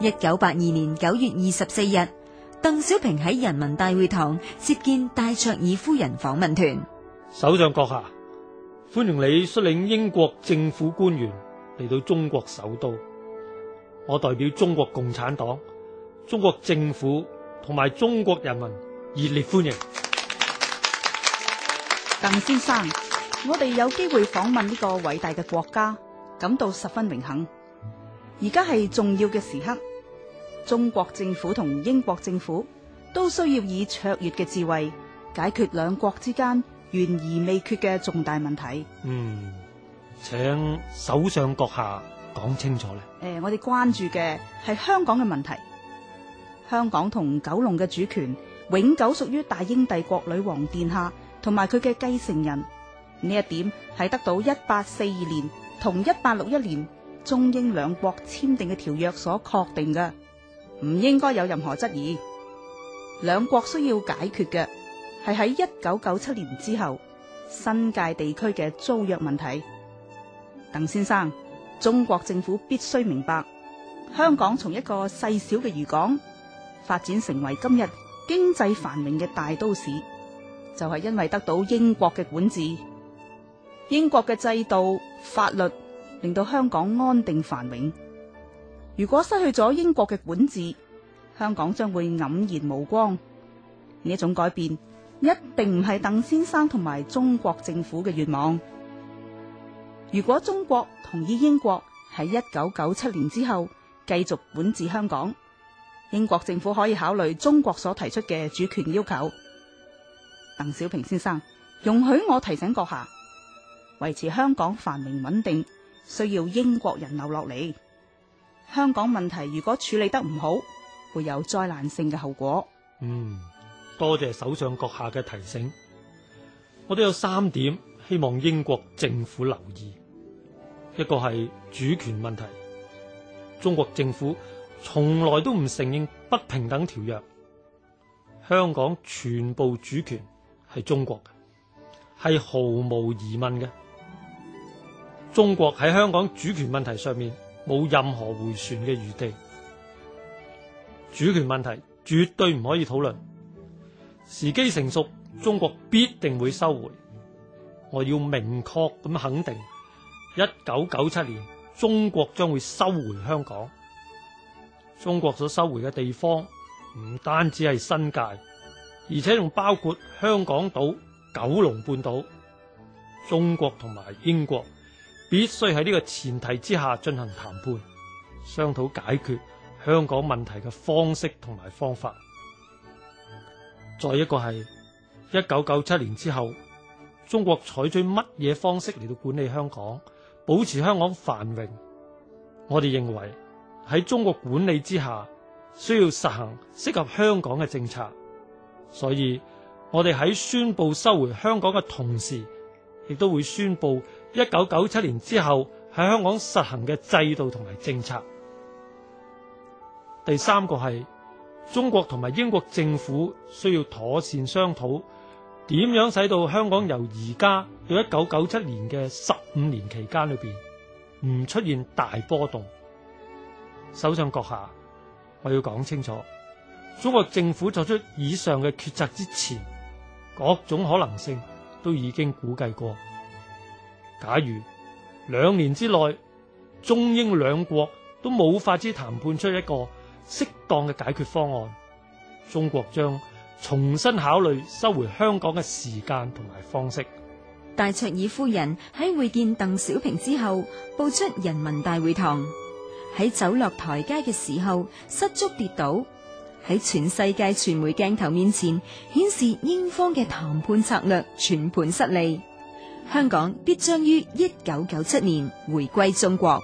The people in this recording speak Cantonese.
一九八二年九月二十四日，鄧小平喺人民大會堂接見戴卓爾夫人訪問團。首相閣下，歡迎你率領英國政府官員嚟到中國首都。我代表中國共產黨、中國政府同埋中國人民熱烈歡迎。鄧先生，我哋有機會訪問呢個偉大嘅國家，感到十分榮幸。而家係重要嘅時刻。中國政府同英國政府都需要以卓越嘅智慧解決兩國之間懸而未決嘅重大問題。嗯，請首相閣下講清楚咧。誒、哎，我哋關注嘅係香港嘅問題，香港同九龍嘅主權永久屬於大英帝國女王殿下同埋佢嘅繼承人，呢一點係得到一八四二年同一八六一年中英兩國簽訂嘅條約所確定嘅。唔應該有任何質疑，兩國需要解決嘅係喺一九九七年之後新界地區嘅租約問題。鄧先生，中國政府必須明白，香港從一個細小嘅漁港發展成為今日經濟繁榮嘅大都市，就係因為得到英國嘅管治，英國嘅制度、法律令到香港安定繁榮。如果失去咗英國嘅管治，香港將會黯然無光。呢種改變一定唔係鄧先生同埋中國政府嘅願望。如果中國同意英國喺一九九七年之後繼續管治香港，英國政府可以考慮中國所提出嘅主權要求。鄧小平先生，容許我提醒閣下，維持香港繁榮穩定，需要英國人留落嚟。香港問題如果處理得唔好，會有災難性嘅後果。嗯，多謝首相閣下嘅提醒。我都有三點希望英國政府留意：一個係主權問題，中國政府從來都唔承認不平等條約，香港全部主權係中國嘅，係毫無疑問嘅。中國喺香港主權問題上面，冇任何回旋嘅餘地，主權問題絕對唔可以討論，時機成熟，中國必定會收回。我要明確咁肯定，一九九七年中國將會收回香港。中國所收回嘅地方唔單止係新界，而且仲包括香港島、九龍半島、中國同埋英國。必須喺呢個前提之下進行談判，商討解決香港問題嘅方式同埋方法。再一個係一九九七年之後，中國採取乜嘢方式嚟到管理香港，保持香港繁榮？我哋認為喺中國管理之下，需要實行適合香港嘅政策。所以，我哋喺宣佈收回香港嘅同時，亦都會宣佈。一九九七年之後喺香港實行嘅制度同埋政策。第三個係中國同埋英國政府需要妥善商討，點樣使到香港由而家到一九九七年嘅十五年期間裏邊唔出現大波動。首相閣下，我要講清楚，中國政府作出以上嘅抉擇之前，各種可能性都已經估計過。假如兩年之內中英兩國都冇法子談判出一個適當嘅解決方案，中國將重新考慮收回香港嘅時間同埋方式。戴卓爾夫人喺會見鄧小平之後步出人民大會堂，喺走落台階嘅時候失足跌倒，喺全世界傳媒鏡頭面前顯示英方嘅談判策略全盤失利。香港必將於一九九七年回歸中國。